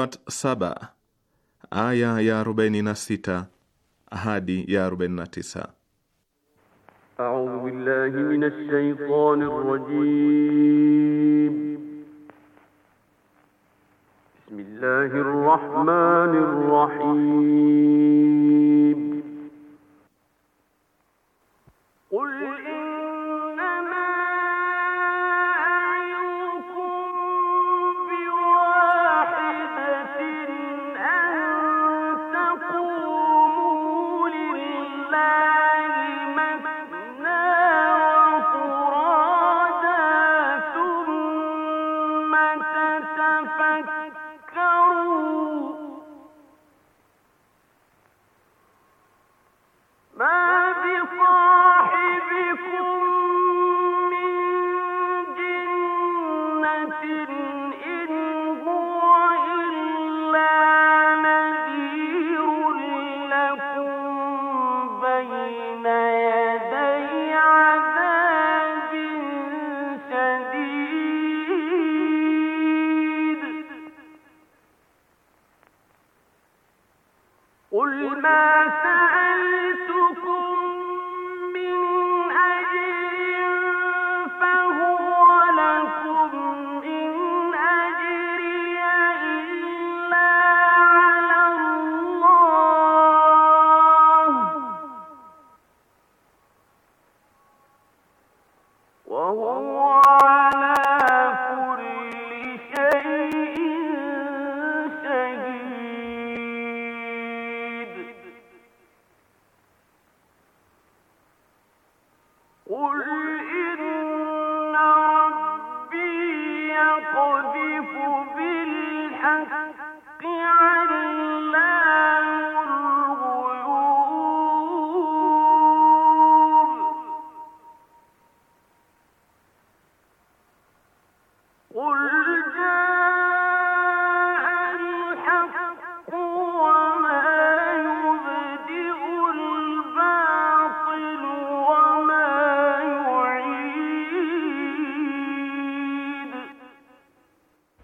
Surat saba aya ya arobaini na sita hadi ya arobaini na tisa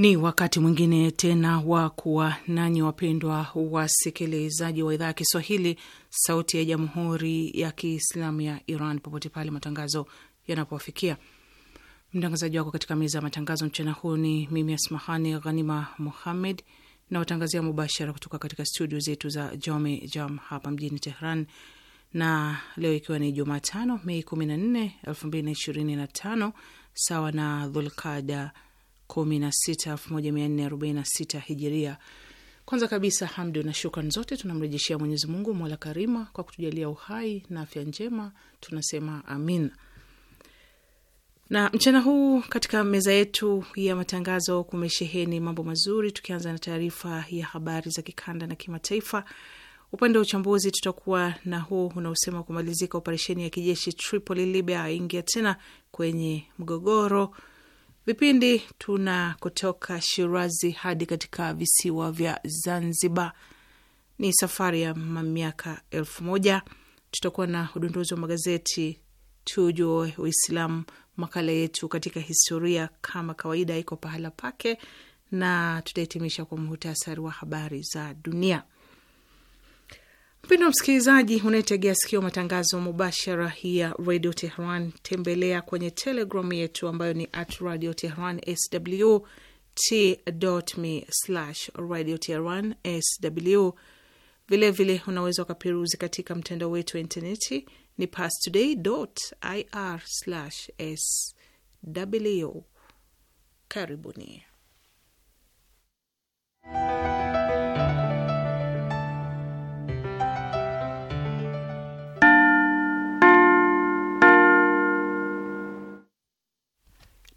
Ni wakati mwingine tena wa kuwa nanyi wapendwa wasikilizaji wa idhaa ya Kiswahili, Sauti ya Jamhuri ya Kiislamu ya Iran, popote pale matangazo yanapofikia. Mtangazaji wako katika meza ya matangazo mchana huu ni mimi Asmahani Ghanima Muhammed na watangazia mubashara kutoka katika studio zetu za Jome Jam hapa mjini Tehran, na leo ikiwa ni Jumatano Mei 14, 2025 sawa na Dhulkada 16146 hijiria. Kwanza kabisa hamdu na shukran zote tunamrejeshea Mwenyezi Mungu mola karima kwa kutujalia uhai na afya njema, tunasema amin. Na mchana huu katika meza yetu ya matangazo kumesheheni mambo mazuri, tukianza na taarifa ya habari za kikanda na kimataifa. Upande wa uchambuzi tutakuwa na huu unaosema kumalizika operesheni ya kijeshi Tripoli, Libya aingia tena kwenye mgogoro vipindi tuna kutoka Shirazi hadi katika visiwa vya Zanzibar. Ni safari ya miaka elfu moja. Tutakuwa na udondozi wa magazeti, tujue Uislamu, makala yetu katika historia kama kawaida iko pahala pake, na tutahitimisha kwa muhtasari wa habari za dunia. Mpendo wa msikilizaji, unayetegea sikio matangazo mubashara ya radio Tehran, tembelea kwenye telegramu yetu ambayo ni at radio tehran sw t.me slash radio tehran sw. Vilevile unaweza ukaperuzi katika mtandao wetu wa intaneti ni pastoday ir slash sw. Karibuni.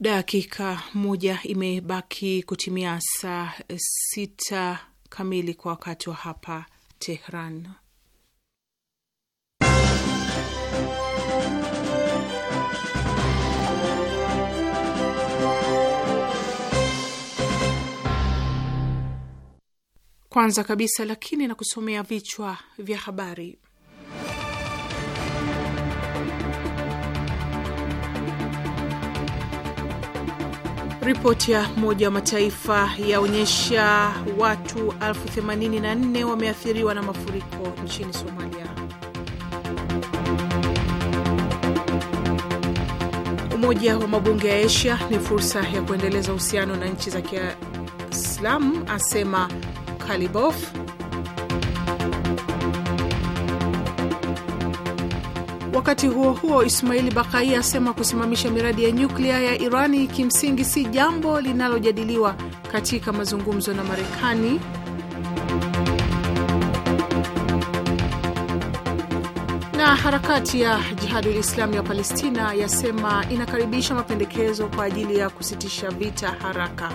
Dakika moja imebaki kutimia saa sita kamili kwa wakati wa hapa Tehran. Kwanza kabisa lakini na kusomea vichwa vya habari. Ripoti ya Umoja wa Mataifa yaonyesha watu 84 wameathiriwa na mafuriko nchini Somalia. Umoja wa mabunge ya Asia ni fursa ya kuendeleza uhusiano na nchi za Kiislamu, asema Kalibof. Wakati huo huo, Ismaili Bakai asema kusimamisha miradi ya nyuklia ya Irani kimsingi si jambo linalojadiliwa katika mazungumzo na Marekani. Na harakati ya Jihadul Islamu ya Palestina yasema inakaribisha mapendekezo kwa ajili ya kusitisha vita haraka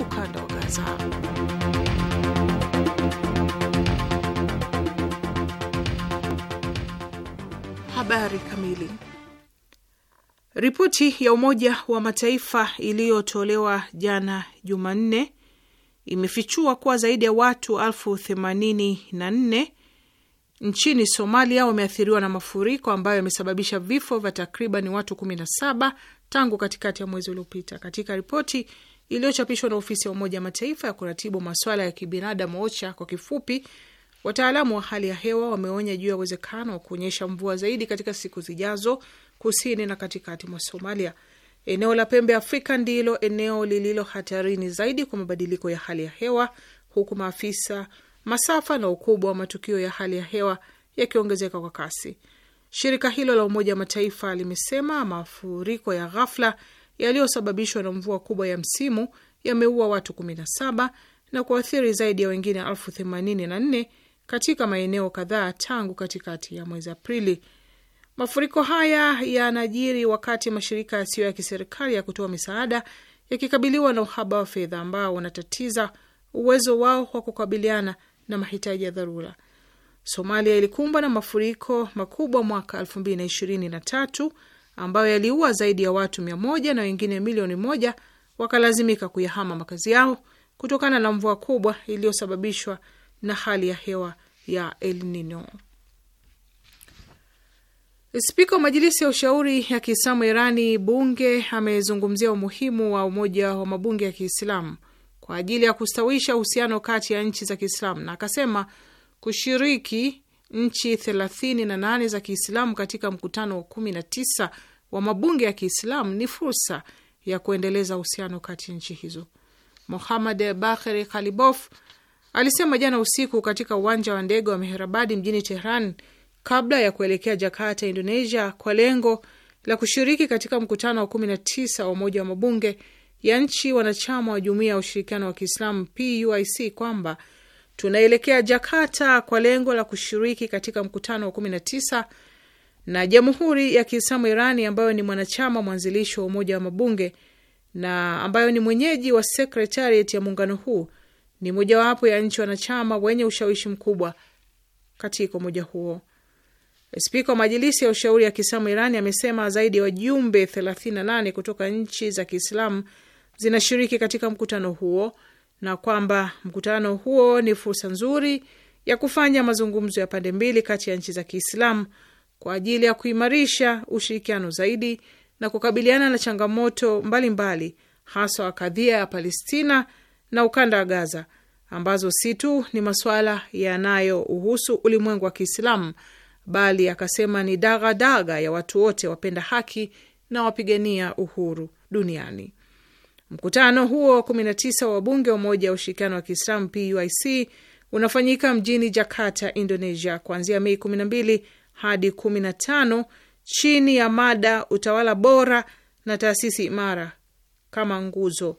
ukanda wa Gaza. Habari kamili. Ripoti ya Umoja wa Mataifa iliyotolewa jana Jumanne imefichua kuwa zaidi ya watu elfu themanini na nne nchini Somalia wameathiriwa na mafuriko ambayo yamesababisha vifo vya takriban watu 17 tangu katikati ya mwezi uliopita. Katika ripoti iliyochapishwa na ofisi ya Umoja wa Mataifa ya kuratibu maswala ya kibinadamu OCHA kwa kifupi, Wataalamu wa hali ya hewa wameonya juu ya uwezekano wa kuonyesha mvua zaidi katika siku zijazo kusini na katikati mwa Somalia. Eneo la pembe Afrika ndilo eneo lililo hatarini zaidi kwa mabadiliko ya hali ya hewa, huku maafisa, masafa na ukubwa wa matukio ya hali ya hewa yakiongezeka kwa kasi. Shirika hilo la Umoja wa Mataifa limesema mafuriko ya ghafla yaliyosababishwa na mvua kubwa ya msimu yameua watu 17 na kuathiri zaidi ya wengine elfu themanini na nne katika maeneo kadhaa tangu katikati ya mwezi Aprili. Mafuriko haya yanajiri wakati mashirika yasiyo ya kiserikali ya kutoa misaada yakikabiliwa na uhaba wa fedha ambao wanatatiza uwezo wao wa kukabiliana na mahitaji ya dharura. Somalia ilikumbwa na mafuriko makubwa mwaka elfu mbili na ishirini na tatu ambayo yaliua zaidi ya watu mia moja na wengine milioni moja wakalazimika kuyahama makazi yao kutokana na mvua kubwa iliyosababishwa na hali ya hewa ya El Nino. Spika wa Majilisi ya Ushauri ya Kiislamu Irani, bunge, amezungumzia umuhimu wa umoja wa mabunge ya Kiislamu kwa ajili ya kustawisha uhusiano kati ya nchi za Kiislamu na akasema kushiriki nchi 38 za Kiislamu katika mkutano wa 19 wa mabunge ya Kiislamu ni fursa ya kuendeleza uhusiano kati ya nchi hizo. Mohamed Bakhri Khalibof alisema jana usiku katika uwanja wa ndege wa meherabadi mjini Tehran kabla ya kuelekea Jakarta, Indonesia, kwa lengo la kushiriki katika mkutano wa 19 wa Umoja wa Mabunge ya nchi wanachama wa Jumuiya ya Ushirikiano wa Kiislamu PUIC kwamba tunaelekea Jakarta kwa lengo la kushiriki katika mkutano wa 19 na Jamhuri ya Kiislamu Irani ambayo ni mwanachama mwanzilishi wa Umoja wa Mabunge na ambayo ni mwenyeji wa sekretariat ya muungano huu ni mojawapo ya nchi wanachama wenye ushawishi mkubwa katika umoja huo. Spika wa Majilisi ya Ushauri ya Kiislamu Irani amesema zaidi ya wajumbe 38 kutoka nchi za Kiislamu zinashiriki katika mkutano huo na kwamba mkutano huo ni fursa nzuri ya kufanya mazungumzo ya pande mbili kati ya nchi za Kiislamu kwa ajili ya kuimarisha ushirikiano zaidi na kukabiliana na changamoto mbalimbali mbali, haswa kadhia ya Palestina na ukanda wa Gaza ambazo si tu ni masuala uhusu ulimwengu wa Kiislamu bali akasema ni dagadaga ya watu wote wapenda haki na wapigania uhuru duniani. Mkutano huo wa 19 wa bunge wa Umoja wa Ushirikiano wa Kiislamu PUIC unafanyika mjini Jakarta, Indonesia, kuanzia Mei 12 hadi 15 chini ya mada utawala bora na taasisi imara kama nguzo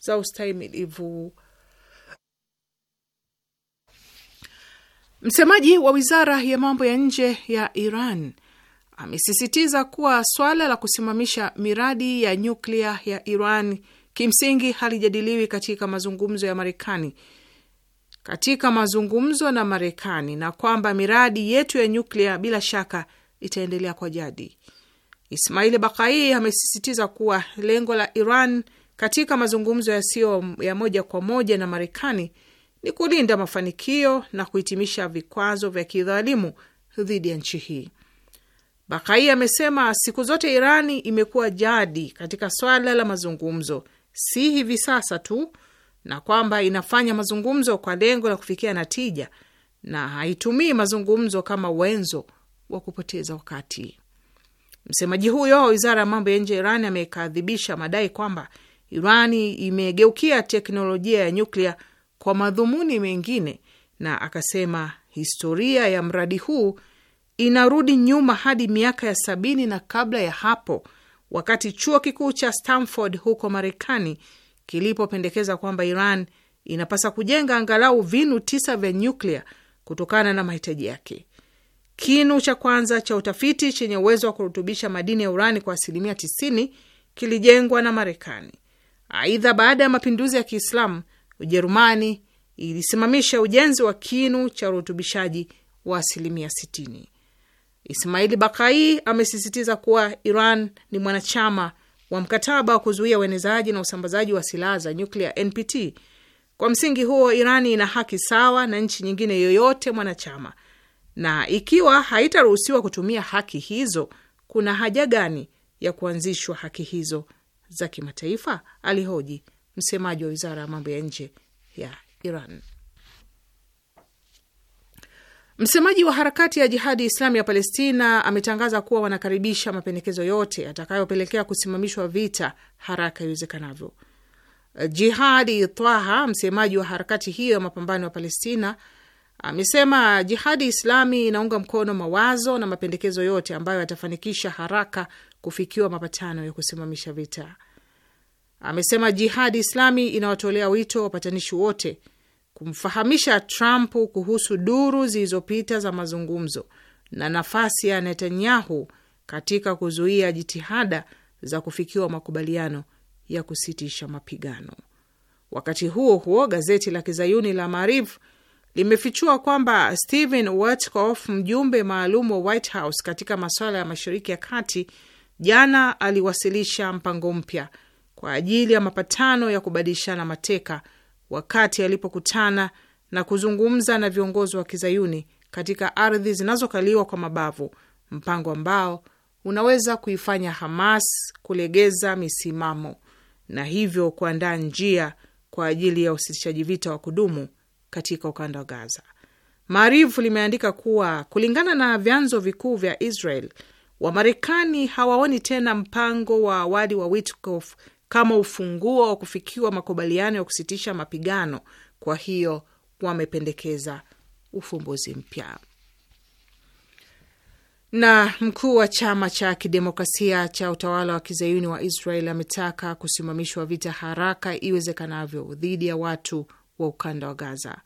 za ustahimilivu. Msemaji wa wizara ya mambo ya nje ya Iran amesisitiza kuwa swala la kusimamisha miradi ya nyuklia ya Iran kimsingi halijadiliwi katika mazungumzo ya Marekani, katika mazungumzo na Marekani, na kwamba miradi yetu ya nyuklia bila shaka itaendelea kwa jadi. Ismaili Bakai amesisitiza kuwa lengo la Iran katika mazungumzo yasiyo ya moja kwa moja na Marekani ni kulinda mafanikio na kuhitimisha vikwazo vya kidhalimu dhidi ya nchi hii. Bakai amesema siku zote Irani imekuwa jadi katika swala la mazungumzo, si hivi sasa tu, na kwamba inafanya mazungumzo kwa lengo la kufikia natija na haitumii mazungumzo kama wenzo wa kupoteza wakati. Msemaji huyo wa wizara ya mambo ya nje ya Irani amekadhibisha madai kwamba Irani imegeukia teknolojia ya nyuklia kwa madhumuni mengine, na akasema historia ya mradi huu inarudi nyuma hadi miaka ya sabini na kabla ya hapo, wakati chuo kikuu cha Stanford huko Marekani kilipopendekeza kwamba Iran inapasa kujenga angalau vinu tisa vya nyuklia kutokana na mahitaji yake. Kinu cha kwanza cha utafiti chenye uwezo wa kurutubisha madini ya urani kwa asilimia 90 kilijengwa na Marekani Aidha, baada ya mapinduzi ya Kiislamu, Ujerumani ilisimamisha ujenzi wa kinu cha urutubishaji wa asilimia 60. Ismaili Bakai amesisitiza kuwa Iran ni mwanachama wa mkataba wa kuzuia uenezaji na usambazaji wa silaha za nyuklia NPT. Kwa msingi huo, Irani ina haki sawa na nchi nyingine yoyote mwanachama, na ikiwa haitaruhusiwa kutumia haki hizo, kuna haja gani ya kuanzishwa haki hizo za kimataifa, alihoji msemaji wa wizara ya mambo ya nje ya Iran. Msemaji wa harakati ya Jihadi Islamu ya Palestina ametangaza kuwa wanakaribisha mapendekezo yote yatakayopelekea kusimamishwa vita haraka iwezekanavyo. Jihadi Twaha, msemaji wa harakati hiyo ya mapambano ya Palestina, amesema Jihadi Islami inaunga mkono mawazo na mapendekezo yote ambayo yatafanikisha haraka kufikiwa mapatano ya kusimamisha vita. Amesema Jihadi Islami inawatolea wito wapatanishi wote kumfahamisha Trump kuhusu duru zilizopita za mazungumzo na nafasi ya Netanyahu katika kuzuia jitihada za kufikiwa makubaliano ya kusitisha mapigano. Wakati huo huo, gazeti la kizayuni la Maariv limefichua kwamba Stephen Witkoff, mjumbe maalum wa White House katika masuala ya Mashariki ya Kati, jana aliwasilisha mpango mpya kwa ajili ya mapatano ya kubadilishana mateka wakati alipokutana na kuzungumza na viongozi wa kizayuni katika ardhi zinazokaliwa kwa mabavu, mpango ambao unaweza kuifanya Hamas kulegeza misimamo na hivyo kuandaa njia kwa ajili ya usitishaji vita wa kudumu katika ukanda wa Gaza. Maarifu limeandika kuwa kulingana na vyanzo vikuu vya Israel Wamarekani hawaoni tena mpango wa awali wa Witkoff kama ufunguo wa kufikiwa makubaliano ya kusitisha mapigano, kwa hiyo wamependekeza ufumbuzi mpya. Na mkuu wa chama cha kidemokrasia cha utawala wa kizayuni wa Israel ametaka kusimamishwa vita haraka iwezekanavyo dhidi ya watu wa ukanda wa Gaza.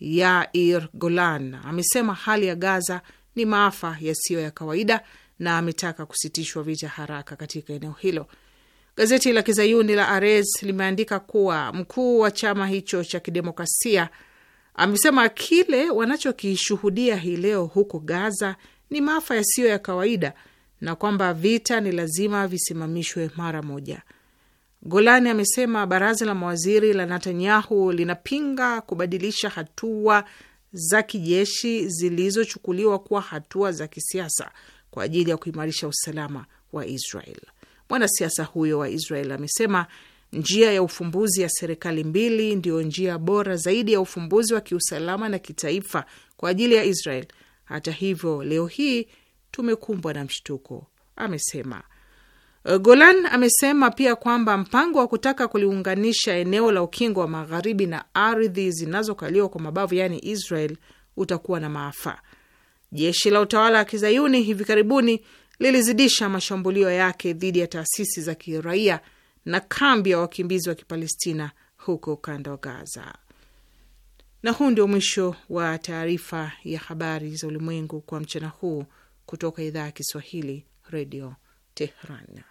Yair Golan amesema hali ya Gaza ni maafa yasiyo ya kawaida na ametaka kusitishwa vita haraka katika eneo hilo. Gazeti la kizayuni la Ares limeandika kuwa mkuu wa chama hicho cha kidemokrasia amesema kile wanachokishuhudia hii leo huko Gaza ni maafa yasiyo ya kawaida na kwamba vita ni lazima visimamishwe mara moja. Golani amesema baraza la mawaziri la Netanyahu linapinga kubadilisha hatua za kijeshi zilizochukuliwa kuwa hatua za kisiasa kwa ajili ya kuimarisha usalama wa Israel. Mwanasiasa huyo wa Israel amesema njia ya ufumbuzi ya serikali mbili ndiyo njia bora zaidi ya ufumbuzi wa kiusalama na kitaifa kwa ajili ya Israel. Hata hivyo, leo hii tumekumbwa na mshtuko, amesema. Golan amesema pia kwamba mpango wa kutaka kuliunganisha eneo la ukingo wa magharibi na ardhi zinazokaliwa kwa mabavu yaani Israel utakuwa na maafa. Jeshi la utawala wa kizayuni hivi karibuni lilizidisha mashambulio yake dhidi ya taasisi za kiraia na kambi ya wakimbizi wa Kipalestina huko ukanda wa Gaza. Na huu ndio mwisho wa taarifa ya habari za ulimwengu kwa mchana huu kutoka idhaa ya Kiswahili, Redio Tehran.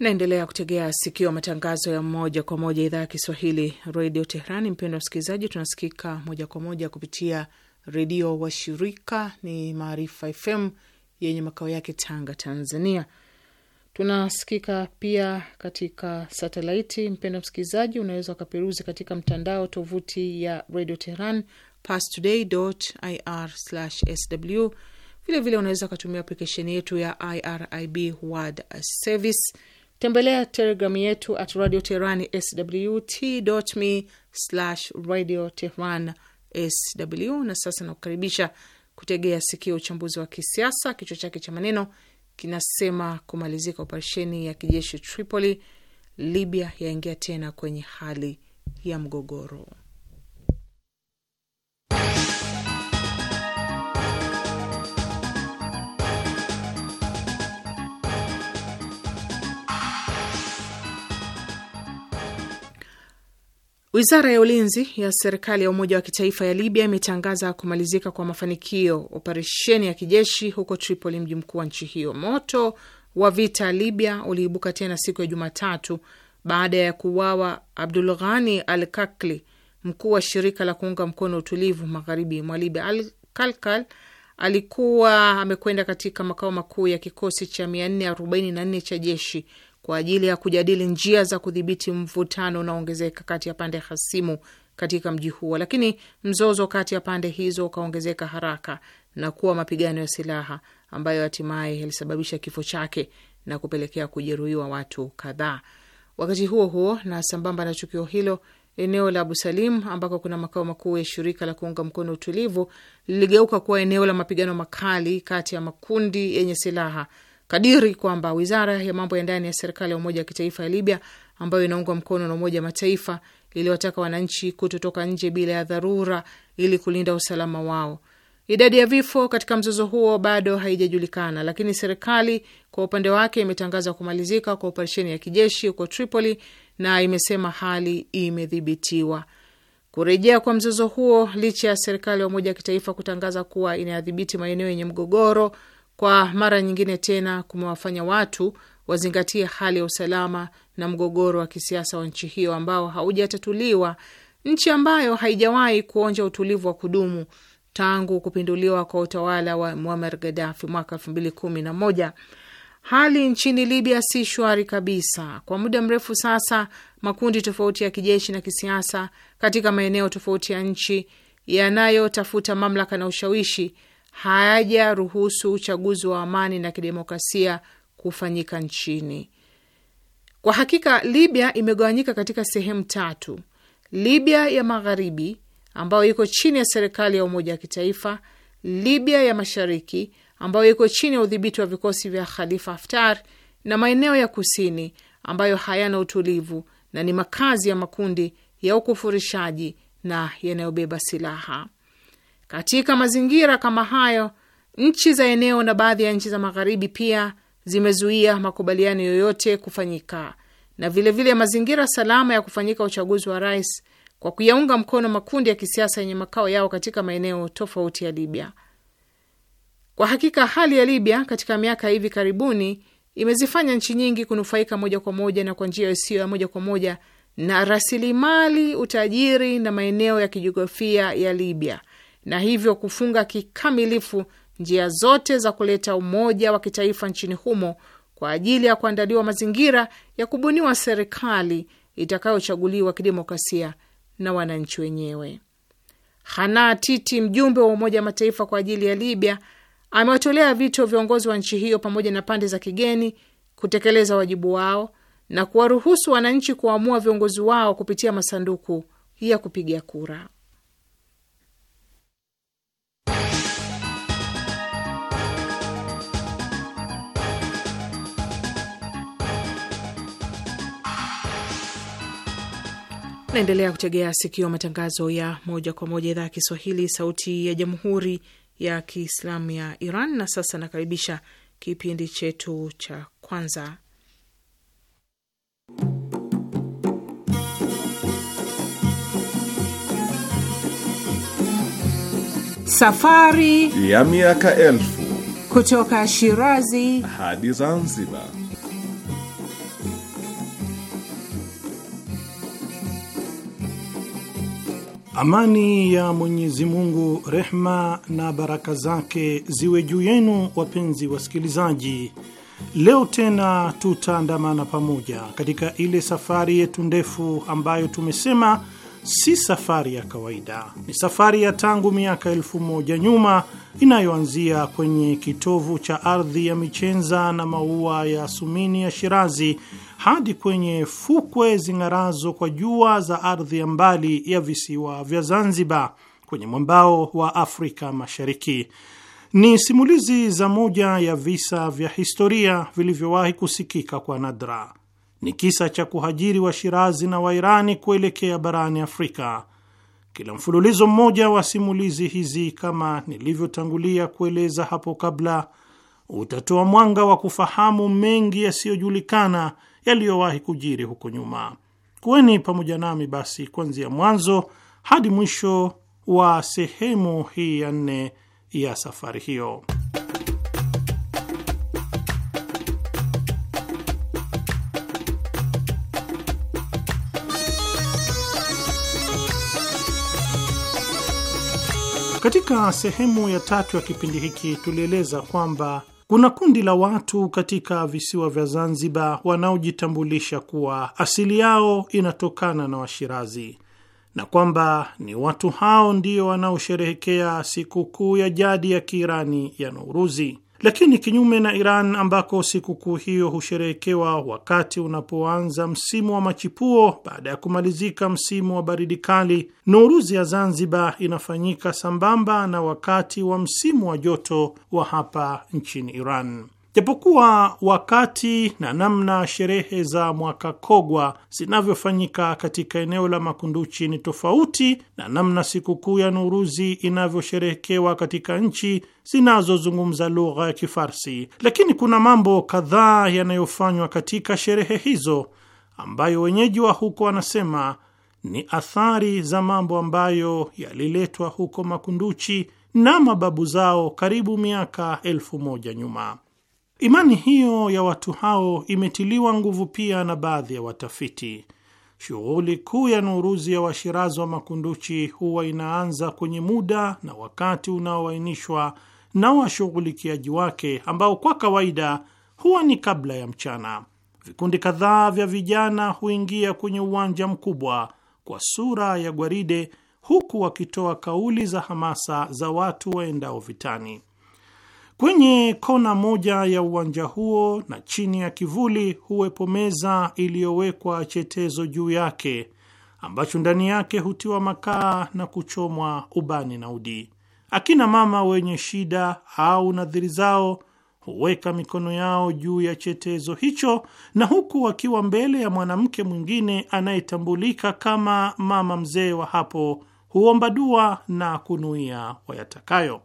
Naendelea kutegea sikio matangazo ya moja kwa moja idhaa ya Kiswahili redio Tehrani. Mpendwa msikilizaji, tunasikika moja kwa moja kupitia redio wa shirika ni Maarifa FM yenye makao yake Tanga, Tanzania. Tunasikika pia katika satelaiti. Mpendwa msikilizaji, unaweza ukaperuzi katika mtandao tovuti ya redio Teheran pastoday.ir/sw. Vilevile unaweza ukatumia aplikesheni yetu ya IRIB World Service tembelea telegramu yetu at radio tehran swt slash radio tehran sw. Na sasa nakukaribisha kutegea sikio uchambuzi wa kisiasa, kichwa chake cha maneno kinasema kumalizika operesheni ya kijeshi Tripoli, Libya yaingia tena kwenye hali ya mgogoro. Wizara ya ulinzi ya serikali ya Umoja wa Kitaifa ya Libya imetangaza kumalizika kwa mafanikio operesheni ya kijeshi huko Tripoli, mji mkuu wa nchi hiyo. Moto wa vita Libya uliibuka tena siku ya Jumatatu baada ya kuuawa Abdul Ghani Al Kakli, mkuu wa shirika la kuunga mkono utulivu magharibi mwa Libya. Al Kalkal alikuwa amekwenda katika makao makuu ya kikosi cha 444 cha jeshi kwa ajili ya kujadili njia za kudhibiti mvutano unaoongezeka kati ya pande hasimu katika mji huo, lakini mzozo kati ya pande hizo ukaongezeka haraka na kuwa mapigano ya silaha ambayo hatimaye yalisababisha kifo chake na kupelekea kujeruhiwa watu kadhaa. Wakati huo huo, na sambamba na tukio hilo, eneo la Abu Salim ambako kuna makao makuu ya shirika la kuunga mkono utulivu liligeuka kuwa eneo la mapigano makali kati ya makundi yenye silaha kadiri kwamba wizara ya mambo ya ndani ya serikali ya umoja wa kitaifa ya Libya ambayo inaungwa mkono na Umoja wa Mataifa iliwataka wananchi kutotoka nje bila ya dharura ili kulinda usalama wao. Idadi ya vifo katika mzozo huo bado haijajulikana, lakini serikali kwa upande wake imetangaza kumalizika kwa operesheni ya kijeshi huko Tripoli na imesema hali imedhibitiwa. Kurejea kwa mzozo huo licha ya serikali ya umoja wa kitaifa kutangaza kuwa inayadhibiti maeneo yenye mgogoro kwa mara nyingine tena kumewafanya watu wazingatie hali ya usalama na mgogoro wa kisiasa wa nchi hiyo ambao haujatatuliwa, nchi ambayo haijawahi kuonja utulivu wa kudumu tangu kupinduliwa kwa utawala wa Muammar Gaddafi mwaka elfu mbili kumi na moja. Hali nchini Libya si shwari kabisa. Kwa muda mrefu sasa, makundi tofauti ya kijeshi na kisiasa katika maeneo tofauti ya nchi yanayotafuta mamlaka na ushawishi hayajaruhusu uchaguzi wa amani na kidemokrasia kufanyika nchini. Kwa hakika, Libya imegawanyika katika sehemu tatu: Libya ya magharibi ambayo iko chini ya serikali ya umoja wa kitaifa, Libya ya mashariki ambayo iko chini ya udhibiti wa vikosi vya Khalifa Haftar, na maeneo ya kusini ambayo hayana utulivu na ni makazi ya makundi ya ukufurishaji na yanayobeba silaha. Katika mazingira kama hayo, nchi za eneo na baadhi ya nchi za magharibi pia zimezuia makubaliano yoyote kufanyika, na vilevile vile mazingira salama ya kufanyika uchaguzi wa rais kwa kuyaunga mkono makundi ya kisiasa yenye makao yao katika maeneo tofauti ya Libya. Kwa hakika hali ya Libya katika miaka hivi karibuni imezifanya nchi nyingi kunufaika moja kwa moja na kwa njia isiyo ya moja kwa moja na rasilimali, utajiri na maeneo ya kijiografia ya Libya na hivyo kufunga kikamilifu njia zote za kuleta umoja wa kitaifa nchini humo kwa ajili ya kuandaliwa mazingira ya kubuniwa serikali itakayochaguliwa kidemokrasia na wananchi wenyewe. Hana Titi, mjumbe wa Umoja wa Mataifa kwa ajili ya Libya, amewatolea vito viongozi wa nchi hiyo pamoja na pande za kigeni kutekeleza wajibu wao na kuwaruhusu wananchi kuamua viongozi wao kupitia masanduku ya kupiga kura. Naendelea kutegea sikio matangazo ya moja kwa moja idhaa ya Kiswahili, sauti ya jamhuri ya kiislamu ya Iran. Na sasa nakaribisha kipindi chetu cha kwanza, safari ya miaka elfu kutoka Shirazi hadi Zanzibar. Amani ya Mwenyezi Mungu, rehma na baraka zake ziwe juu yenu, wapenzi wasikilizaji. Leo tena tutaandamana pamoja katika ile safari yetu ndefu ambayo tumesema si safari ya kawaida, ni safari ya tangu miaka elfu moja nyuma inayoanzia kwenye kitovu cha ardhi ya michenza na maua ya sumini ya Shirazi hadi kwenye fukwe zing'arazo kwa jua za ardhi ya mbali ya visiwa vya Zanzibar kwenye mwambao wa Afrika Mashariki. Ni simulizi za moja ya visa vya historia vilivyowahi kusikika kwa nadra. Ni kisa cha kuhajiri wa Shirazi na Wairani kuelekea barani Afrika. Kila mfululizo mmoja wa simulizi hizi, kama nilivyotangulia kueleza hapo kabla, utatoa mwanga wa kufahamu mengi yasiyojulikana yaliyowahi kujiri huko nyuma. Kuweni pamoja nami basi kuanzia mwanzo hadi mwisho wa sehemu hii ya nne ya safari hiyo. Katika sehemu ya tatu ya kipindi hiki tulieleza kwamba kuna kundi la watu katika visiwa vya Zanzibar wanaojitambulisha kuwa asili yao inatokana na Washirazi na kwamba ni watu hao ndio wanaosherehekea sikukuu ya jadi ya Kiirani ya Nouruzi. Lakini kinyume na Iran ambako sikukuu hiyo husherehekewa wakati unapoanza msimu wa machipuo baada ya kumalizika msimu wa baridi kali, Nouruzi ya Zanzibar inafanyika sambamba na wakati wa msimu wa joto wa hapa nchini Iran. Japokuwa wakati na namna sherehe za mwaka kogwa zinavyofanyika katika eneo la Makunduchi ni tofauti na namna sikukuu ya Nuruzi inavyosherehekewa katika nchi zinazozungumza lugha ya Kifarsi, lakini kuna mambo kadhaa yanayofanywa katika sherehe hizo ambayo wenyeji wa huko wanasema ni athari za mambo ambayo yaliletwa huko Makunduchi na mababu zao karibu miaka elfu moja nyuma. Imani hiyo ya watu hao imetiliwa nguvu pia na baadhi ya watafiti. Shughuli kuu ya Nuruzi ya Washirazi wa Makunduchi huwa inaanza kwenye muda na wakati unaoainishwa na washughulikiaji wake ambao kwa kawaida huwa ni kabla ya mchana. Vikundi kadhaa vya vijana huingia kwenye uwanja mkubwa kwa sura ya gwaride, huku wakitoa kauli za hamasa za watu waendao vitani. Kwenye kona moja ya uwanja huo na chini ya kivuli huwepo meza iliyowekwa chetezo juu yake ambacho ndani yake hutiwa makaa na kuchomwa ubani na udi. Akina mama wenye shida au nadhiri zao huweka mikono yao juu ya chetezo hicho, na huku wakiwa mbele ya mwanamke mwingine anayetambulika kama mama mzee wa hapo, huomba dua na kunuia wayatakayo.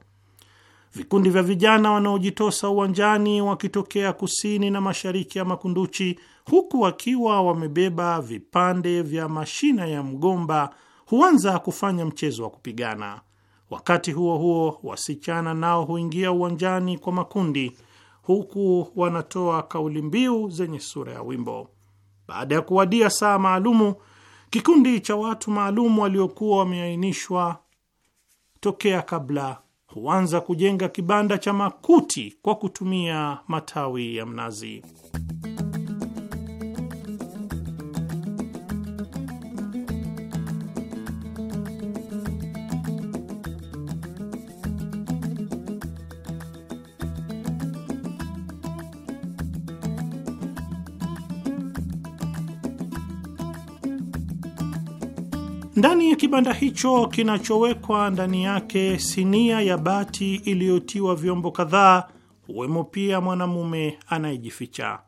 Vikundi vya vijana wanaojitosa uwanjani wakitokea kusini na mashariki ya Makunduchi, huku wakiwa wamebeba vipande vya mashina ya mgomba, huanza kufanya mchezo wa kupigana. Wakati huo huo, wasichana nao huingia uwanjani kwa makundi, huku wanatoa kauli mbiu zenye sura ya wimbo. Baada ya kuwadia saa maalumu, kikundi cha watu maalum waliokuwa wameainishwa tokea kabla huanza kujenga kibanda cha makuti kwa kutumia matawi ya mnazi. Ndani ya kibanda hicho kinachowekwa ndani yake sinia ya bati iliyotiwa vyombo kadhaa, huwemo pia mwanamume anayejificha.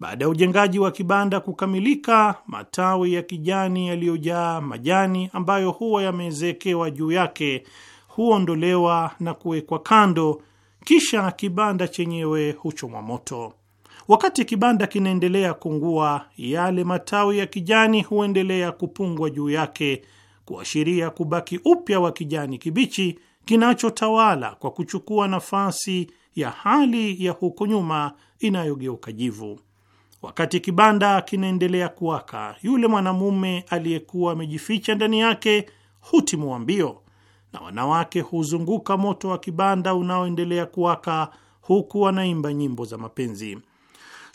Baada ya ujengaji wa kibanda kukamilika, matawi ya kijani yaliyojaa majani ambayo huwa yameezekewa juu yake huondolewa na kuwekwa kando, kisha kibanda chenyewe huchomwa moto. Wakati kibanda kinaendelea kungua, yale matawi ya kijani huendelea kupungwa juu yake, kuashiria kubaki upya wa kijani kibichi kinachotawala kwa kuchukua nafasi ya hali ya huko nyuma inayogeuka jivu. Wakati kibanda kinaendelea kuwaka, yule mwanamume aliyekuwa amejificha ndani yake hutimua mbio, na wanawake huzunguka moto wa kibanda unaoendelea kuwaka, huku wanaimba nyimbo za mapenzi.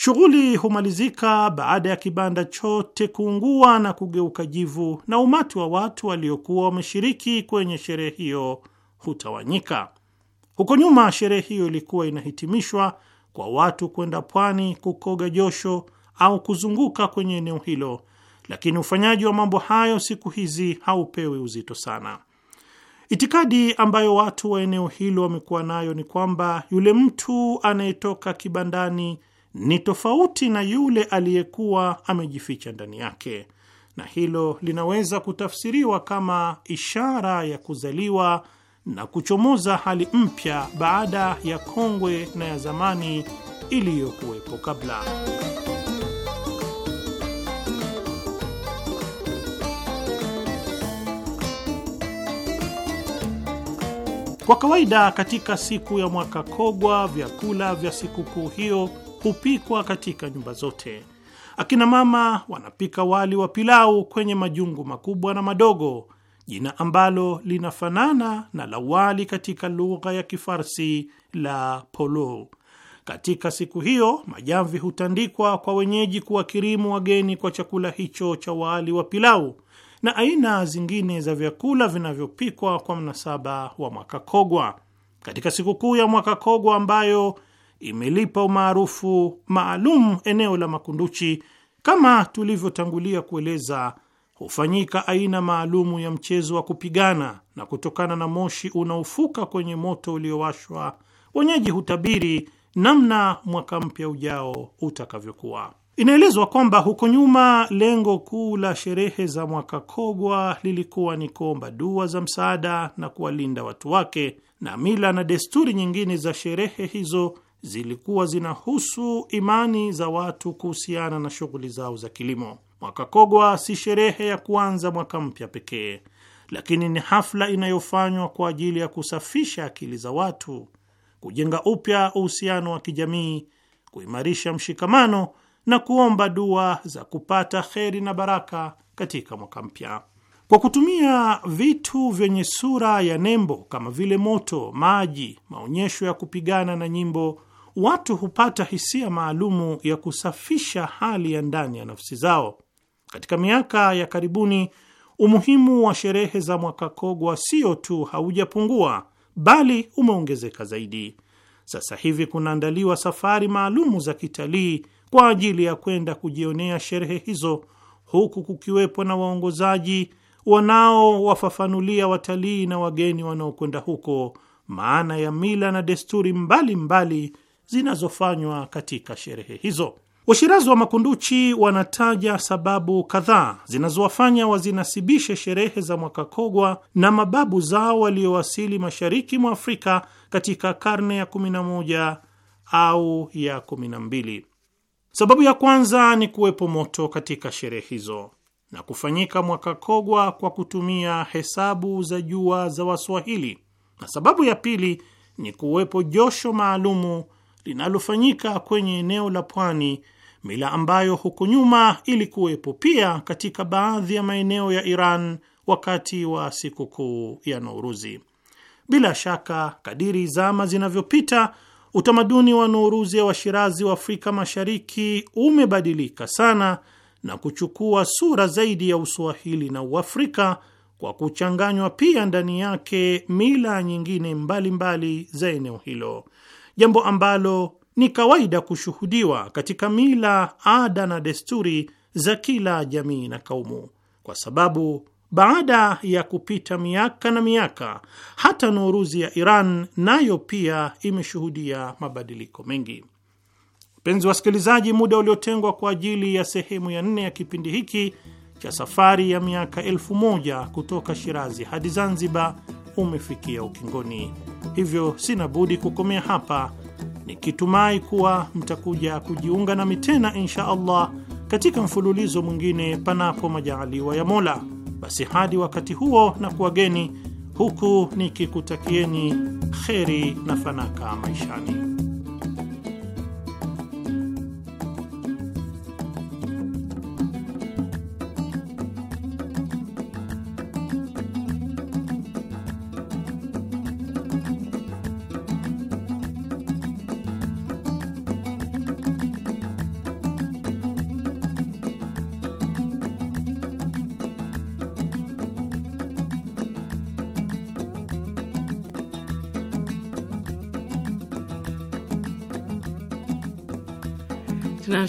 Shughuli humalizika baada ya kibanda chote kuungua na kugeuka jivu, na umati wa watu waliokuwa wameshiriki kwenye sherehe hiyo hutawanyika. Huko nyuma, sherehe hiyo ilikuwa inahitimishwa kwa watu kwenda pwani kukoga josho au kuzunguka kwenye eneo hilo, lakini ufanyaji wa mambo hayo siku hizi haupewi uzito sana. Itikadi ambayo watu wa eneo hilo wamekuwa nayo ni kwamba yule mtu anayetoka kibandani ni tofauti na yule aliyekuwa amejificha ndani yake, na hilo linaweza kutafsiriwa kama ishara ya kuzaliwa na kuchomoza hali mpya baada ya kongwe na ya zamani iliyokuwepo kabla. Kwa kawaida katika siku ya mwaka kogwa, vyakula vya sikukuu hiyo hupikwa katika nyumba zote. Akina mama wanapika wali wa pilau kwenye majungu makubwa na madogo, jina ambalo linafanana na la wali katika lugha ya Kifarsi la polo. Katika siku hiyo majamvi hutandikwa kwa wenyeji kuwakirimu wageni kwa chakula hicho cha wali wa pilau na aina zingine za vyakula vinavyopikwa kwa mnasaba wa mwaka Kogwa. Katika sikukuu ya mwaka Kogwa ambayo imelipa umaarufu maalum eneo la Makunduchi. Kama tulivyotangulia kueleza, hufanyika aina maalumu ya mchezo wa kupigana, na kutokana na moshi unaofuka kwenye moto uliowashwa, wenyeji hutabiri namna mwaka mpya ujao utakavyokuwa. Inaelezwa kwamba huko nyuma lengo kuu la sherehe za mwaka Kogwa lilikuwa ni kuomba dua za msaada na kuwalinda watu wake, na mila na desturi nyingine za sherehe hizo zilikuwa zinahusu imani za watu kuhusiana na shughuli zao za kilimo. Mwaka Kogwa si sherehe ya kuanza mwaka mpya pekee, lakini ni hafla inayofanywa kwa ajili ya kusafisha akili za watu, kujenga upya uhusiano wa kijamii, kuimarisha mshikamano na kuomba dua za kupata kheri na baraka katika mwaka mpya. Kwa kutumia vitu vyenye sura ya nembo kama vile moto, maji, maonyesho ya kupigana na nyimbo, watu hupata hisia maalumu ya kusafisha hali ya ndani ya nafsi zao. Katika miaka ya karibuni, umuhimu wa sherehe za mwaka kogwa sio tu haujapungua, bali umeongezeka zaidi. Sasa hivi kunaandaliwa safari maalumu za kitalii kwa ajili ya kwenda kujionea sherehe hizo, huku kukiwepo na waongozaji wanaowafafanulia watalii na wageni wanaokwenda huko maana ya mila na desturi mbalimbali mbali zinazofanywa katika sherehe hizo. Washirazi wa Makunduchi wanataja sababu kadhaa zinazowafanya wazinasibishe sherehe za mwaka Kogwa na mababu zao waliowasili mashariki mwa Afrika katika karne ya 11 au ya 12. Sababu ya kwanza ni kuwepo moto katika sherehe hizo na kufanyika mwaka Kogwa kwa kutumia hesabu za jua za Waswahili, na sababu ya pili ni kuwepo josho maalumu linalofanyika kwenye eneo la pwani, mila ambayo huko nyuma ilikuwepo pia katika baadhi ya maeneo ya Iran wakati wa sikukuu ya Nouruzi. Bila shaka, kadiri zama zinavyopita, utamaduni wa Nouruzi ya Washirazi wa Afrika Mashariki umebadilika sana na kuchukua sura zaidi ya Uswahili na Uafrika kwa kuchanganywa pia ndani yake mila nyingine mbalimbali za eneo hilo jambo ambalo ni kawaida kushuhudiwa katika mila, ada na desturi za kila jamii na kaumu, kwa sababu baada ya kupita miaka na miaka, hata Nuruzi ya Iran nayo pia imeshuhudia mabadiliko mengi. Mpenzi wasikilizaji, muda uliotengwa kwa ajili ya sehemu ya nne ya kipindi hiki cha safari ya miaka elfu moja kutoka Shirazi hadi Zanzibar umefikia ukingoni. Hivyo sina budi kukomea hapa nikitumai kuwa mtakuja kujiunga nami tena insha Allah katika mfululizo mwingine, panapo majaaliwa ya Mola. Basi hadi wakati huo, na kuwageni huku nikikutakieni kheri na fanaka maishani.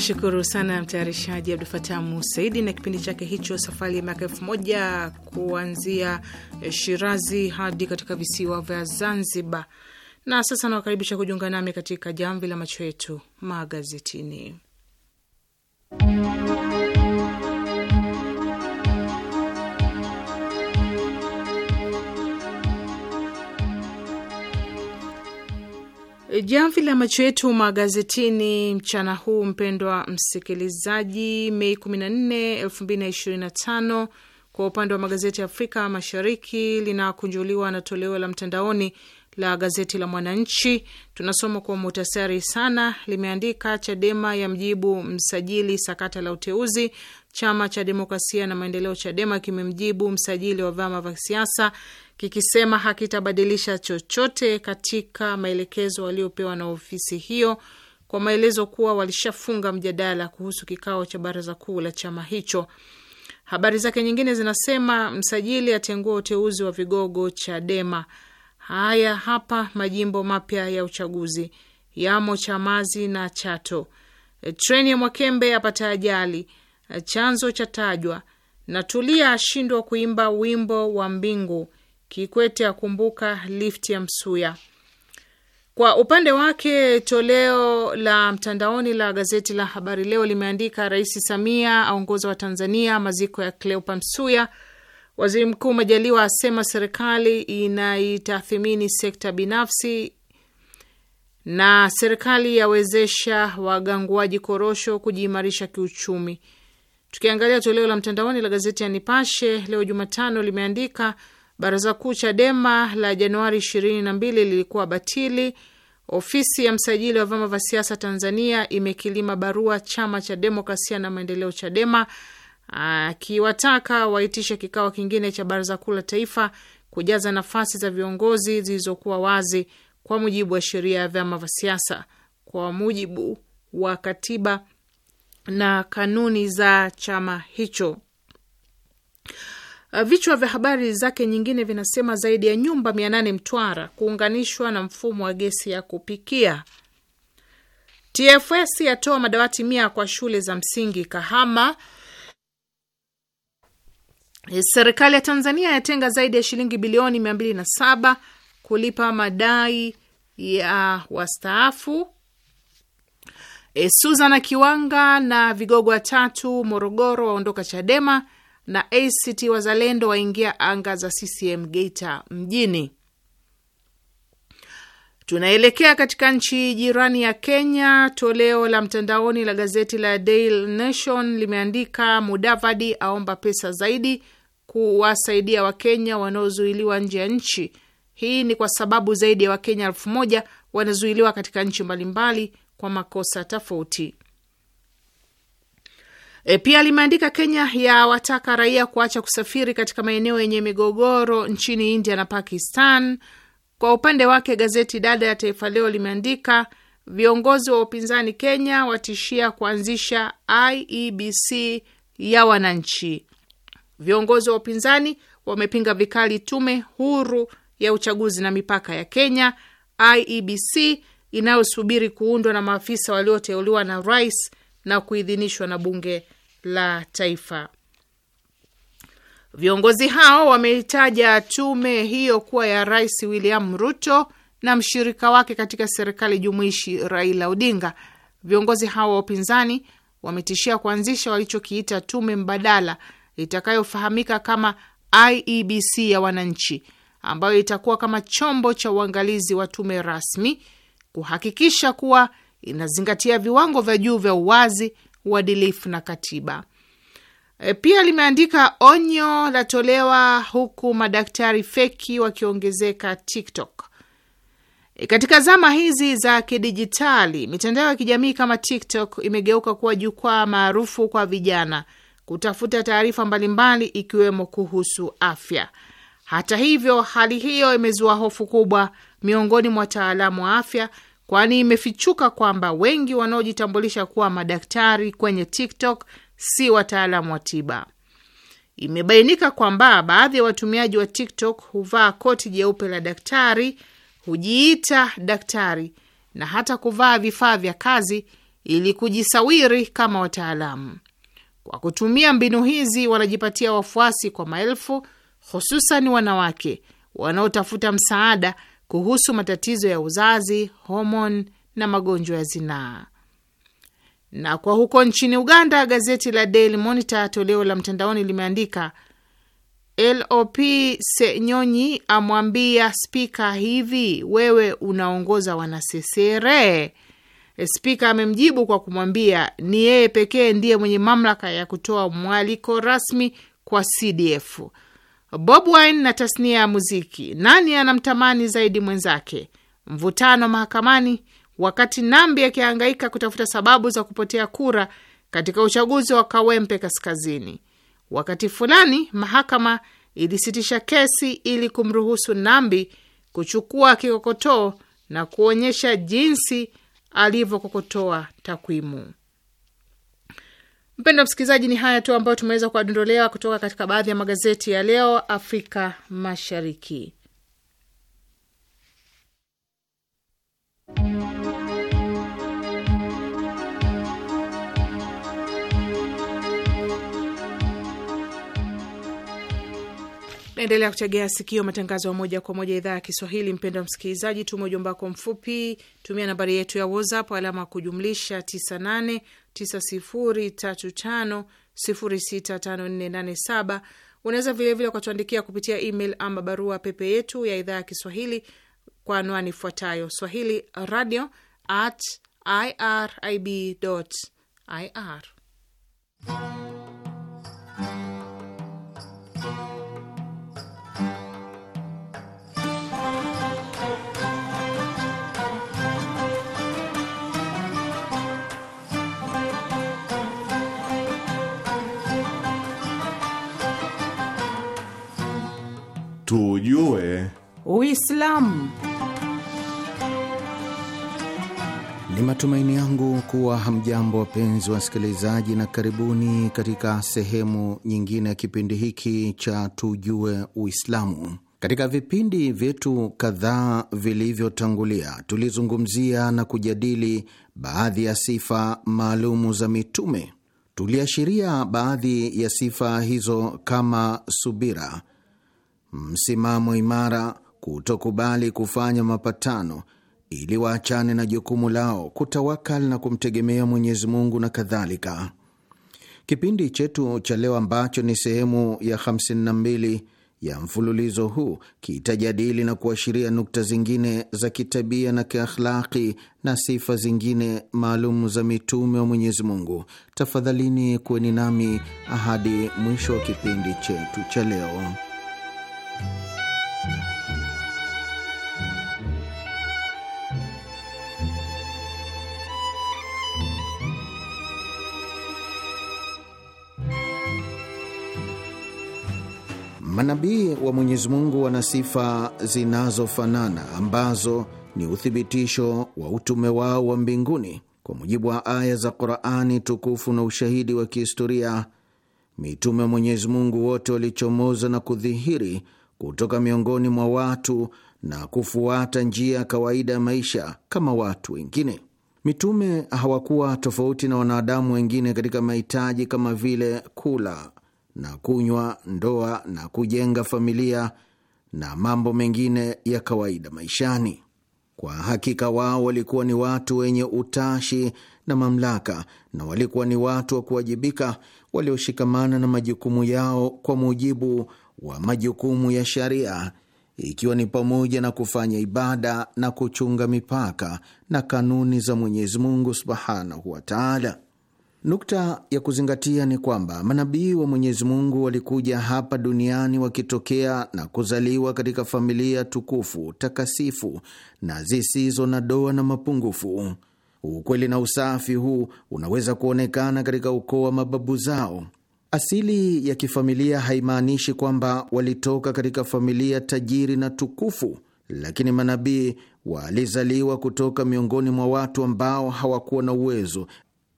Tunamshukuru sana mtayarishaji Abdu Fatah Musaidi na kipindi chake hicho, safari ya miaka elfu moja kuanzia Shirazi hadi katika visiwa vya Zanzibar. Na sasa nawakaribisha kujiunga nami katika jamvi la macho yetu magazetini. Jamvi la macho yetu magazetini mchana huu, mpendwa msikilizaji, Mei 14, 2025. Kwa upande wa magazeti ya Afrika Mashariki linakunjuliwa na toleo la mtandaoni la gazeti la Mwananchi tunasoma kwa muhtasari sana. Limeandika Chadema ya mjibu msajili sakata la uteuzi. Chama cha Demokrasia na Maendeleo Chadema kimemjibu msajili wa vyama vya siasa kikisema hakitabadilisha chochote katika maelekezo waliopewa na ofisi hiyo, kwa maelezo kuwa walishafunga mjadala kuhusu kikao cha baraza kuu la chama hicho. Habari zake nyingine zinasema msajili atengua uteuzi wa vigogo Chadema. Haya hapa majimbo mapya ya uchaguzi yamo Chamazi na Chato. E, treni ya Mwakembe apata ajali, e, chanzo cha tajwa, na Tulia ashindwa kuimba wimbo wa mbingu. Kikwete akumbuka lifti ya Msuya. Kwa upande wake toleo la mtandaoni la gazeti la Habari Leo limeandika Rais Samia aongoza wa Tanzania maziko ya Cleopa Msuya Waziri Mkuu Majaliwa asema serikali inaitathimini sekta binafsi na serikali yawezesha waganguaji korosho kujiimarisha kiuchumi. Tukiangalia toleo la mtandaoni la gazeti ya Nipashe leo Jumatano limeandika baraza kuu Chadema la Januari 22 lilikuwa batili. Ofisi ya msajili wa vyama vya siasa Tanzania imekilima barua chama cha demokrasia na maendeleo Chadema akiwataka waitishe kikao kingine cha baraza kuu la taifa kujaza nafasi za viongozi zilizokuwa wazi kwa mujibu wa sheria ya vyama vya siasa kwa mujibu wa katiba na kanuni za chama hicho. Vichwa vya habari zake nyingine vinasema zaidi ya nyumba mia nane Mtwara kuunganishwa na mfumo wa gesi ya kupikia. TFS yatoa madawati mia kwa shule za msingi Kahama. Serikali ya Tanzania yatenga zaidi ya shilingi bilioni saba kulipa madai ya wastaafu. E, Suzana Kiwanga na vigogo watatu Morogoro waondoka Chadema na ACT Wazalendo waingia anga za CCM Geita mjini. Tunaelekea katika nchi jirani ya Kenya. Toleo la mtandaoni la gazeti la Daily Nation limeandika Mudavadi aomba pesa zaidi kuwasaidia Wakenya wanaozuiliwa nje ya nchi. Hii ni kwa sababu zaidi ya Wakenya elfu moja wanazuiliwa katika nchi mbalimbali kwa makosa tofauti. E, pia limeandika Kenya yawataka raia kuacha kusafiri katika maeneo yenye migogoro nchini India na Pakistan. Kwa upande wake gazeti dada ya Taifa Leo limeandika viongozi wa upinzani Kenya watishia kuanzisha IEBC ya wananchi. Viongozi wa upinzani wamepinga vikali tume huru ya uchaguzi na mipaka ya Kenya IEBC inayosubiri kuundwa na maafisa walioteuliwa na rais na kuidhinishwa na bunge la taifa. Viongozi hao wameitaja tume hiyo kuwa ya Rais William Ruto na mshirika wake katika serikali jumuishi Raila Odinga. Viongozi hao wa upinzani wametishia kuanzisha walichokiita tume mbadala itakayofahamika kama IEBC ya wananchi, ambayo itakuwa kama chombo cha uangalizi wa tume rasmi kuhakikisha kuwa inazingatia viwango vya juu vya uwazi, uadilifu na katiba. E, pia limeandika onyo la tolewa huku madaktari feki wakiongezeka TikTok. E, katika zama hizi za kidijitali, mitandao ya kijamii kama TikTok imegeuka kuwa jukwaa maarufu kwa vijana kutafuta taarifa mbalimbali ikiwemo kuhusu afya. Hata hivyo, hali hiyo imezua hofu kubwa miongoni mwa wataalamu wa afya, kwani imefichuka kwamba wengi wanaojitambulisha kuwa madaktari kwenye TikTok si wataalamu wa tiba. Imebainika kwamba baadhi ya watumiaji wa TikTok huvaa koti jeupe la daktari, hujiita daktari na hata kuvaa vifaa vya kazi ili kujisawiri kama wataalamu. Kwa kutumia mbinu hizi, wanajipatia wafuasi kwa maelfu, hususan wanawake wanaotafuta msaada kuhusu matatizo ya uzazi, homoni na magonjwa ya zinaa. Na kwa huko nchini Uganda, gazeti la Daily Monitor toleo la mtandaoni limeandika LOP Senyonyi amwambia spika hivi, wewe unaongoza wanasesere. Spika amemjibu kwa kumwambia ni yeye pekee ndiye mwenye mamlaka ya kutoa mwaliko rasmi kwa CDF. Bob Wine na tasnia ya muziki, nani anamtamani zaidi mwenzake? Mvutano mahakamani wakati Nambi akihangaika kutafuta sababu za kupotea kura katika uchaguzi wa Kawempe Kaskazini. Wakati fulani, mahakama ilisitisha kesi ili kumruhusu Nambi kuchukua kikokotoo na kuonyesha jinsi alivyokokotoa takwimu. Mpendo msikilizaji, ni haya tu ambayo tumeweza kuwadondolewa kutoka katika baadhi ya magazeti ya leo Afrika Mashariki. Naendelea kutegea sikio matangazo ya moja kwa moja idhaa ya Kiswahili. mpendo wa msikilizaji, tume ujumbe wako mfupi, tumia nambari yetu ya WhatsApp alama ya kujumlisha 989035065487. Unaweza vilevile ukatuandikia kupitia email ama barua pepe yetu ya idhaa ya Kiswahili kwa anwani ifuatayo swahili radio at ir Tujue Uislamu. Ni matumaini yangu kuwa hamjambo wapenzi wasikilizaji, na karibuni katika sehemu nyingine ya kipindi hiki cha Tujue Uislamu. Katika vipindi vyetu kadhaa vilivyotangulia, tulizungumzia na kujadili baadhi ya sifa maalumu za mitume. Tuliashiria baadhi ya sifa hizo kama subira msimamo imara, kutokubali kufanya mapatano ili waachane na jukumu lao, kutawakal na kumtegemea Mwenyezi Mungu na kadhalika. Kipindi chetu cha leo ambacho ni sehemu ya 52 ya mfululizo huu kitajadili na kuashiria nukta zingine za kitabia na kiakhlaki na sifa zingine maalum za mitume wa Mwenyezi Mungu. Tafadhalini kuweni nami hadi mwisho wa kipindi chetu cha leo. Manabii wa Mwenyezi Mungu wana sifa zinazofanana ambazo ni uthibitisho wa utume wao wa mbinguni. Kwa mujibu wa aya za Qurani tukufu na ushahidi wa kihistoria, mitume wa Mwenyezi Mungu wote walichomoza na kudhihiri kutoka miongoni mwa watu na kufuata njia ya kawaida ya maisha kama watu wengine. Mitume hawakuwa tofauti na wanadamu wengine katika mahitaji kama vile kula, na kunywa, ndoa na kujenga familia na mambo mengine ya kawaida maishani. Kwa hakika wao walikuwa ni watu wenye utashi na mamlaka, na walikuwa ni watu wa kuwajibika walioshikamana na majukumu yao kwa mujibu wa majukumu ya sharia, ikiwa ni pamoja na kufanya ibada na kuchunga mipaka na kanuni za Mwenyezi Mungu subhanahu wa taala. Nukta ya kuzingatia ni kwamba manabii wa Mwenyezi Mungu walikuja hapa duniani wakitokea na kuzaliwa katika familia tukufu, takasifu na zisizo na doa na mapungufu. Ukweli na usafi huu unaweza kuonekana katika ukoo wa mababu zao. Asili ya kifamilia haimaanishi kwamba walitoka katika familia tajiri na tukufu, lakini manabii walizaliwa kutoka miongoni mwa watu ambao hawakuwa na uwezo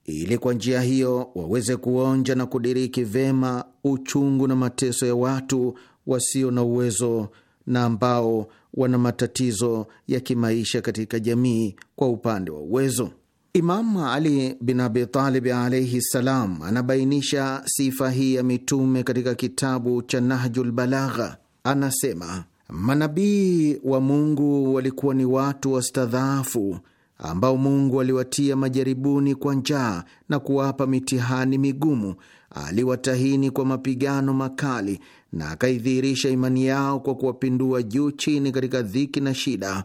ili kwa njia hiyo waweze kuonja na kudiriki vema uchungu na mateso ya watu wasio na uwezo na ambao wana matatizo ya kimaisha katika jamii. Kwa upande wa uwezo, Imamu Ali bin Abi Talib alaihi ssalam anabainisha sifa hii ya mitume katika kitabu cha Nahjul Balagha. Anasema manabii wa Mungu walikuwa ni watu wastadhaafu ambao Mungu aliwatia majaribuni kwa njaa na kuwapa mitihani migumu, aliwatahini kwa mapigano makali na akaidhihirisha imani yao kwa kuwapindua juu chini katika dhiki na shida.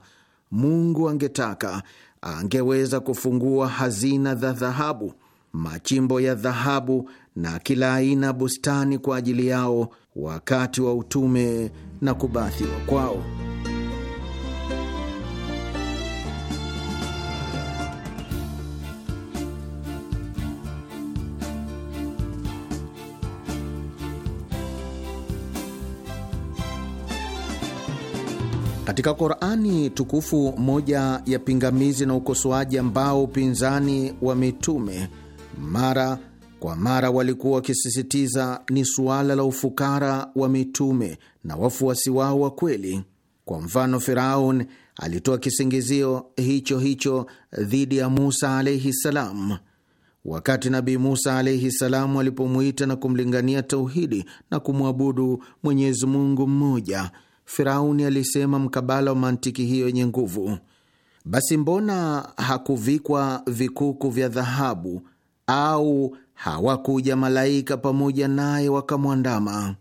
Mungu angetaka angeweza kufungua hazina za dhahabu, machimbo ya dhahabu na kila aina bustani kwa ajili yao wakati wa utume na kubathiwa kwao. Katika Qurani tukufu, moja ya pingamizi na ukosoaji ambao upinzani wa mitume mara kwa mara walikuwa wakisisitiza ni suala la ufukara wa mitume na wafuasi wao wa kweli. Kwa mfano, Firaun alitoa kisingizio hicho hicho dhidi ya Musa alaihi salam, wakati Nabii Musa alaihi salam alipomuita na kumlingania tauhidi na kumwabudu Mwenyezi Mungu mmoja Firauni alisema mkabala wa mantiki hiyo yenye nguvu, basi mbona hakuvikwa vikuku vya dhahabu au hawakuja malaika pamoja naye wakamwandama?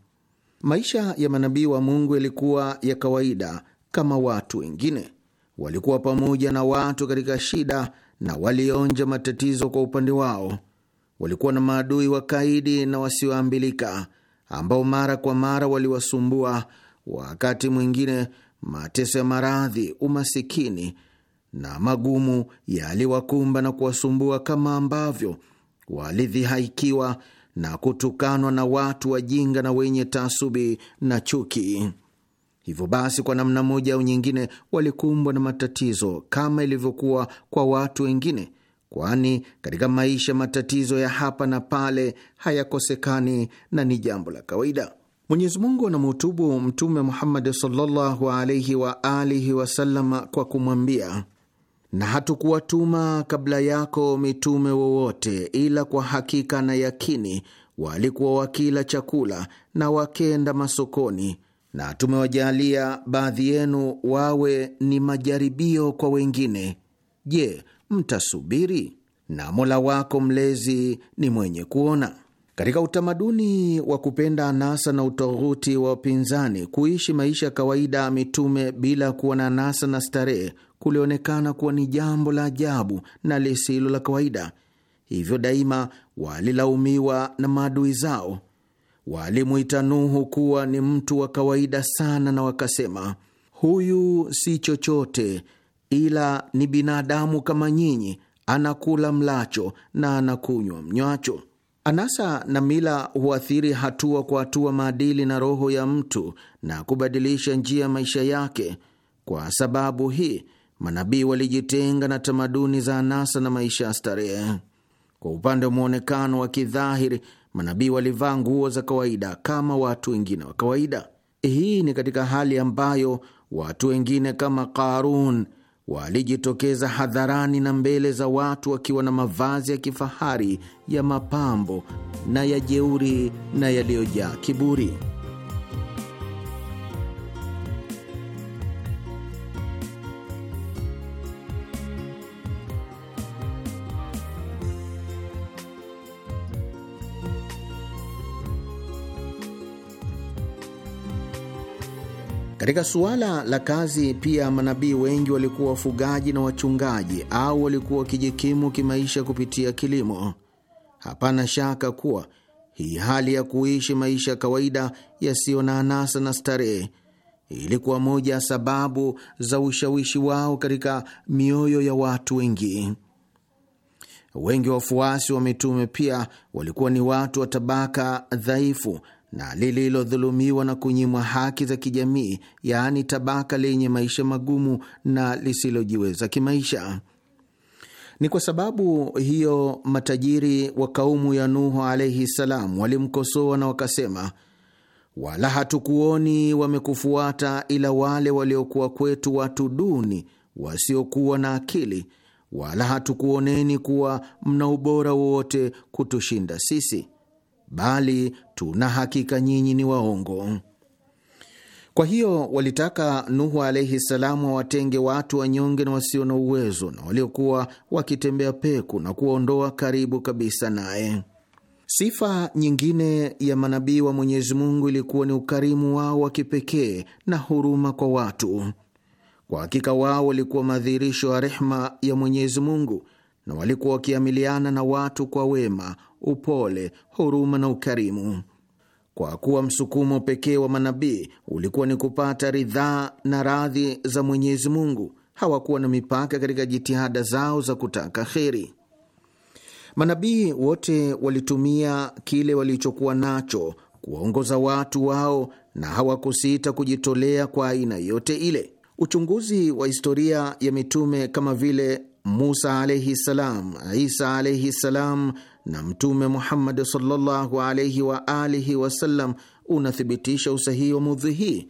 Maisha ya manabii wa Mungu yalikuwa ya kawaida kama watu wengine. Walikuwa pamoja na watu katika shida na walionja matatizo kwa upande wao. Walikuwa na maadui wakaidi na wasioambilika ambao mara kwa mara waliwasumbua wakati mwingine mateso ya maradhi, umasikini na magumu yaliwakumba na kuwasumbua kama ambavyo walidhihaikiwa na kutukanwa na watu wajinga na wenye taasubi na chuki. Hivyo basi, kwa namna moja au nyingine walikumbwa na matatizo kama ilivyokuwa kwa watu wengine, kwani katika maisha matatizo ya hapa na pale hayakosekani na ni jambo la kawaida. Mwenyezi Mungu anamhutubu Mtume Muhammad sallallahu alaihi wa alihi wasallam kwa kumwambia, na hatukuwatuma kabla yako mitume wowote ila kwa hakika na yakini walikuwa wakila chakula na wakenda masokoni, na tumewajalia baadhi yenu wawe ni majaribio kwa wengine. Je, mtasubiri? Na Mola wako mlezi ni mwenye kuona. Katika utamaduni wa kupenda anasa na utoghuti wa wapinzani kuishi maisha ya kawaida ya mitume bila kuwa na anasa na starehe kulionekana kuwa ni jambo la ajabu na lisilo la kawaida. Hivyo daima walilaumiwa na maadui zao. Walimwita Nuhu kuwa ni mtu wa kawaida sana, na wakasema, huyu si chochote ila ni binadamu kama nyinyi, anakula mlacho na anakunywa mnywacho. Anasa na mila huathiri hatua kwa hatua maadili na roho ya mtu na kubadilisha njia ya maisha yake. Kwa sababu hii, manabii walijitenga na tamaduni za anasa na maisha ya starehe. Kwa upande wa mwonekano wa kidhahiri, manabii walivaa nguo za kawaida kama watu wengine wa kawaida. Hii ni katika hali ambayo watu wengine kama Karun walijitokeza hadharani na mbele za watu wakiwa na mavazi ya kifahari ya mapambo na ya jeuri na yaliyojaa kiburi. Katika suala la kazi pia, manabii wengi walikuwa wafugaji na wachungaji au walikuwa wakijikimu kimaisha kupitia kilimo. Hapana shaka kuwa hii hali ya kuishi maisha ya kawaida yasiyo na anasa na starehe ilikuwa moja ya sababu za ushawishi wao katika mioyo ya watu wengi. Wengi wa wafuasi wa mitume pia walikuwa ni watu wa tabaka dhaifu na lililodhulumiwa na kunyimwa haki za kijamii, yaani tabaka lenye maisha magumu na lisilojiweza kimaisha. Ni kwa sababu hiyo matajiri wa kaumu ya Nuhu alaihi salam walimkosoa na wakasema, wala hatukuoni wamekufuata ila wale waliokuwa kwetu watu duni wasiokuwa na akili, wala hatukuoneni kuwa mna ubora wowote kutushinda sisi bali tuna hakika nyinyi ni waongo. Kwa hiyo walitaka Nuhu alaihi salamu wawatenge watu wanyonge na wasio na uwezo na waliokuwa wakitembea peku na kuwaondoa karibu kabisa naye. Sifa nyingine ya manabii wa Mwenyezi Mungu ilikuwa ni ukarimu wao wa kipekee na huruma kwa watu. Kwa hakika wao walikuwa madhihirisho ya rehma ya Mwenyezi Mungu na walikuwa wakiamiliana na watu kwa wema, upole, huruma na ukarimu, kwa kuwa msukumo pekee wa manabii ulikuwa ni kupata ridhaa na radhi za Mwenyezi Mungu. Hawakuwa na mipaka katika jitihada zao za kutaka kheri. Manabii wote walitumia kile walichokuwa nacho kuwaongoza watu wao na hawakusita kujitolea kwa aina yote ile. Uchunguzi wa historia ya mitume kama vile Musa alaihi salam, Isa alaihi salam na Mtume Muhammad sallallahu alaihi wa alihi wasallam unathibitisha usahihi wa mudhi hii.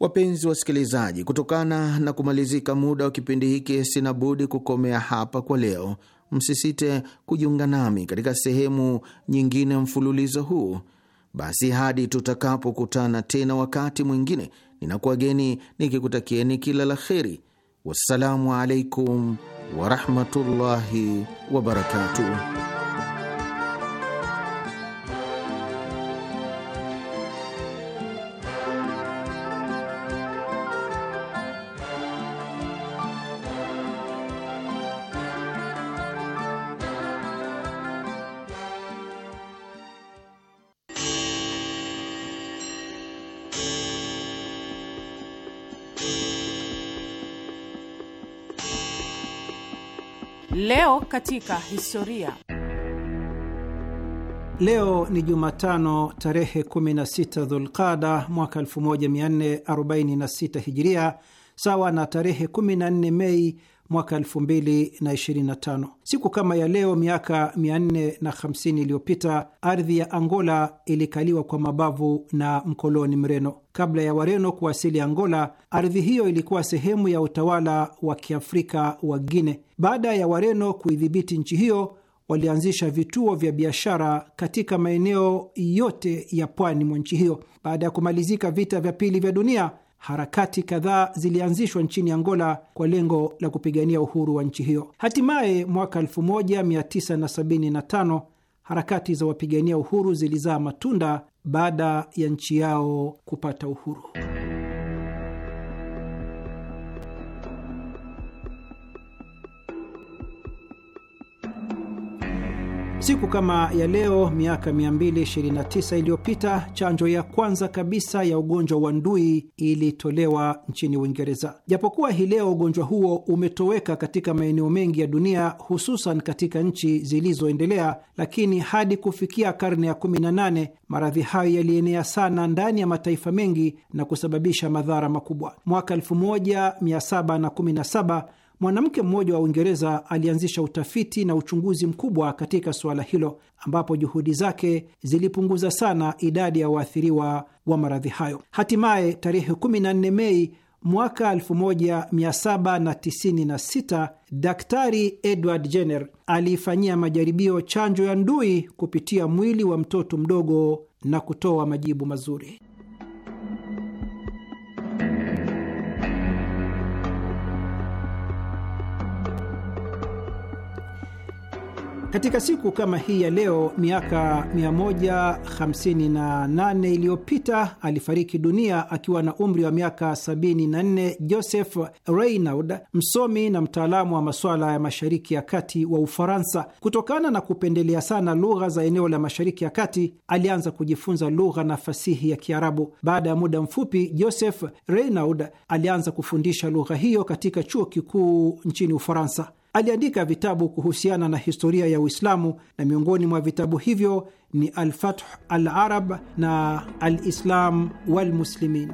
Wapenzi wasikilizaji, kutokana na kumalizika muda wa kipindi hiki, sina budi kukomea hapa kwa leo. Msisite kujiunga nami katika sehemu nyingine mfululizo huu. Basi hadi tutakapokutana tena wakati mwingine, ninakuwageni nikikutakieni kila la kheri. Wassalamu alaikum warahmatullahi wabarakatuh. katika historia. Leo ni Jumatano tarehe 16 Dhulqada mwaka 1446 Hijiria, sawa na tarehe 14 Mei mwaka 2025. Siku kama ya leo miaka 450 iliyopita ardhi ya Angola ilikaliwa kwa mabavu na mkoloni Mreno. Kabla ya Wareno kuwasili Angola, ardhi hiyo ilikuwa sehemu ya utawala wa Kiafrika wa Guine. Baada ya Wareno kuidhibiti nchi hiyo, walianzisha vituo vya biashara katika maeneo yote ya pwani mwa nchi hiyo. Baada ya kumalizika vita vya pili vya dunia harakati kadhaa zilianzishwa nchini Angola kwa lengo la kupigania uhuru wa nchi hiyo. Hatimaye mwaka 1975 harakati za wapigania uhuru zilizaa matunda baada ya nchi yao kupata uhuru. Siku kama ya leo miaka 229 iliyopita chanjo ya kwanza kabisa ya ugonjwa wa ndui ilitolewa nchini Uingereza. Japokuwa hii leo ugonjwa huo umetoweka katika maeneo mengi ya dunia, hususan katika nchi zilizoendelea, lakini hadi kufikia karne ya 18 maradhi hayo yalienea sana ndani ya mataifa mengi na kusababisha madhara makubwa. Mwaka 1717 mwanamke mmoja wa Uingereza alianzisha utafiti na uchunguzi mkubwa katika suala hilo, ambapo juhudi zake zilipunguza sana idadi ya waathiriwa wa maradhi hayo. Hatimaye tarehe 14 Mei mwaka 1796 Daktari Edward Jenner aliifanyia majaribio chanjo ya ndui kupitia mwili wa mtoto mdogo na kutoa majibu mazuri. Katika siku kama hii ya leo miaka 158 iliyopita alifariki dunia akiwa na umri wa miaka 74 Joseph reynald msomi na mtaalamu wa masuala ya Mashariki ya Kati wa Ufaransa. Kutokana na kupendelea sana lugha za eneo la Mashariki ya Kati, alianza kujifunza lugha na fasihi ya Kiarabu. Baada ya muda mfupi, Joseph reynald alianza kufundisha lugha hiyo katika chuo kikuu nchini Ufaransa. Aliandika vitabu kuhusiana na historia ya Uislamu na miongoni mwa vitabu hivyo ni alfath Alarab na Alislam Walmuslimin.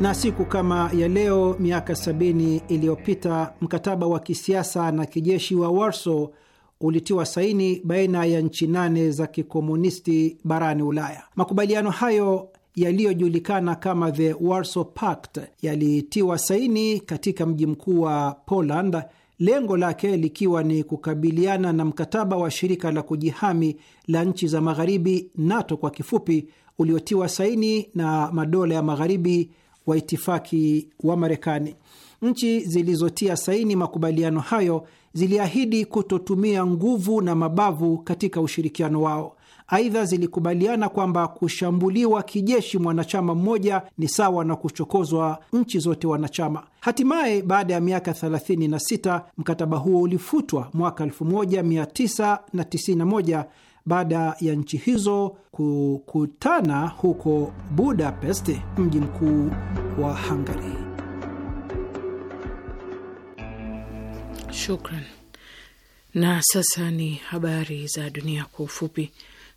Na siku kama ya leo miaka 70 iliyopita mkataba wa kisiasa na kijeshi wa warso ulitiwa saini baina ya nchi nane za kikomunisti barani Ulaya. Makubaliano hayo yaliyojulikana kama the Warsaw Pact yalitiwa saini katika mji mkuu wa Poland, lengo lake likiwa ni kukabiliana na mkataba wa shirika la kujihami la nchi za magharibi NATO kwa kifupi, uliotiwa saini na madola ya magharibi wa itifaki wa Marekani. Nchi zilizotia saini makubaliano hayo ziliahidi kutotumia nguvu na mabavu katika ushirikiano wao. Aidha, zilikubaliana kwamba kushambuliwa kijeshi mwanachama mmoja ni sawa na kuchokozwa nchi zote wanachama. Hatimaye, baada ya miaka 36 mkataba huo ulifutwa mwaka 1991 baada ya nchi hizo kukutana huko Budapest, mji mkuu wa Hungary. Shukran. Na sasa ni habari za dunia kwa ufupi.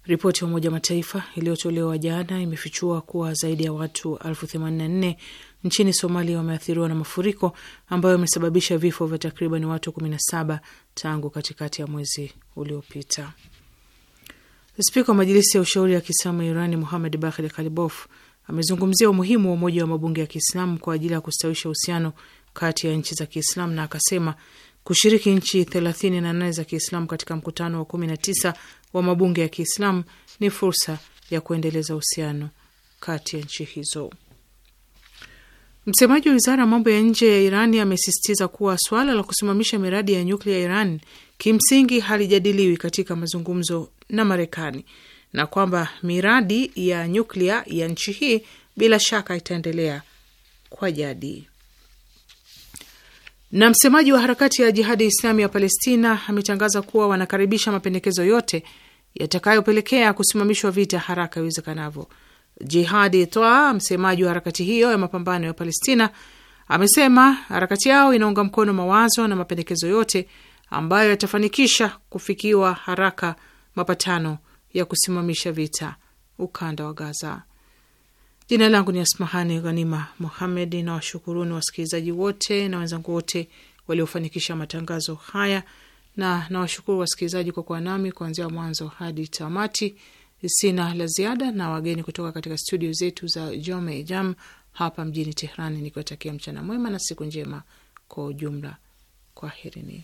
Ripoti ya Umoja Mataifa iliyotolewa jana imefichua kuwa zaidi ya watu elfu themanini na nne nchini Somalia wameathiriwa na mafuriko ambayo yamesababisha vifo vya takriban watu 17 tangu katikati ya mwezi uliopita. Spika wa Majilisi ya Ushauri ya Kiislamu ya Irani Muhamed Bakhir Kalibof amezungumzia umuhimu wa Umoja wa Mabunge ya Kiislamu kwa ajili ya kustawisha uhusiano kati ya nchi za Kiislamu na akasema kushiriki nchi 38 za Kiislamu katika mkutano wa 19 wa mabunge ya Kiislamu ni fursa ya kuendeleza uhusiano kati ya nchi hizo. Msemaji wa wizara ya mambo ya nje ya Iran amesisitiza kuwa swala la kusimamisha miradi ya nyuklia ya Iran kimsingi halijadiliwi katika mazungumzo na Marekani na kwamba miradi ya nyuklia ya nchi hii bila shaka itaendelea kwa jadi. Na msemaji wa harakati ya Jihadi Islami ya Palestina ametangaza kuwa wanakaribisha mapendekezo yote yatakayopelekea kusimamishwa vita haraka iwezekanavyo. Jihadi Toa, msemaji wa harakati hiyo ya mapambano ya Palestina, amesema harakati yao inaunga mkono mawazo na mapendekezo yote ambayo yatafanikisha kufikiwa haraka mapatano ya kusimamisha vita ukanda wa Gaza. Jina langu ni Asmahani Ghanima Muhamed. na wasikilizaji wote na wenzangu wote waliofanikisha matangazo haya na nawashukuru wasikilizaji kwa kuwa nami kuanzia mwanzo hadi tamati. Sina la ziada na wageni kutoka katika studio zetu za Jome Jam hapa mjini Tehrani, nikiwatakia mchana mwema na siku njema kwa ujumla. Kwaherini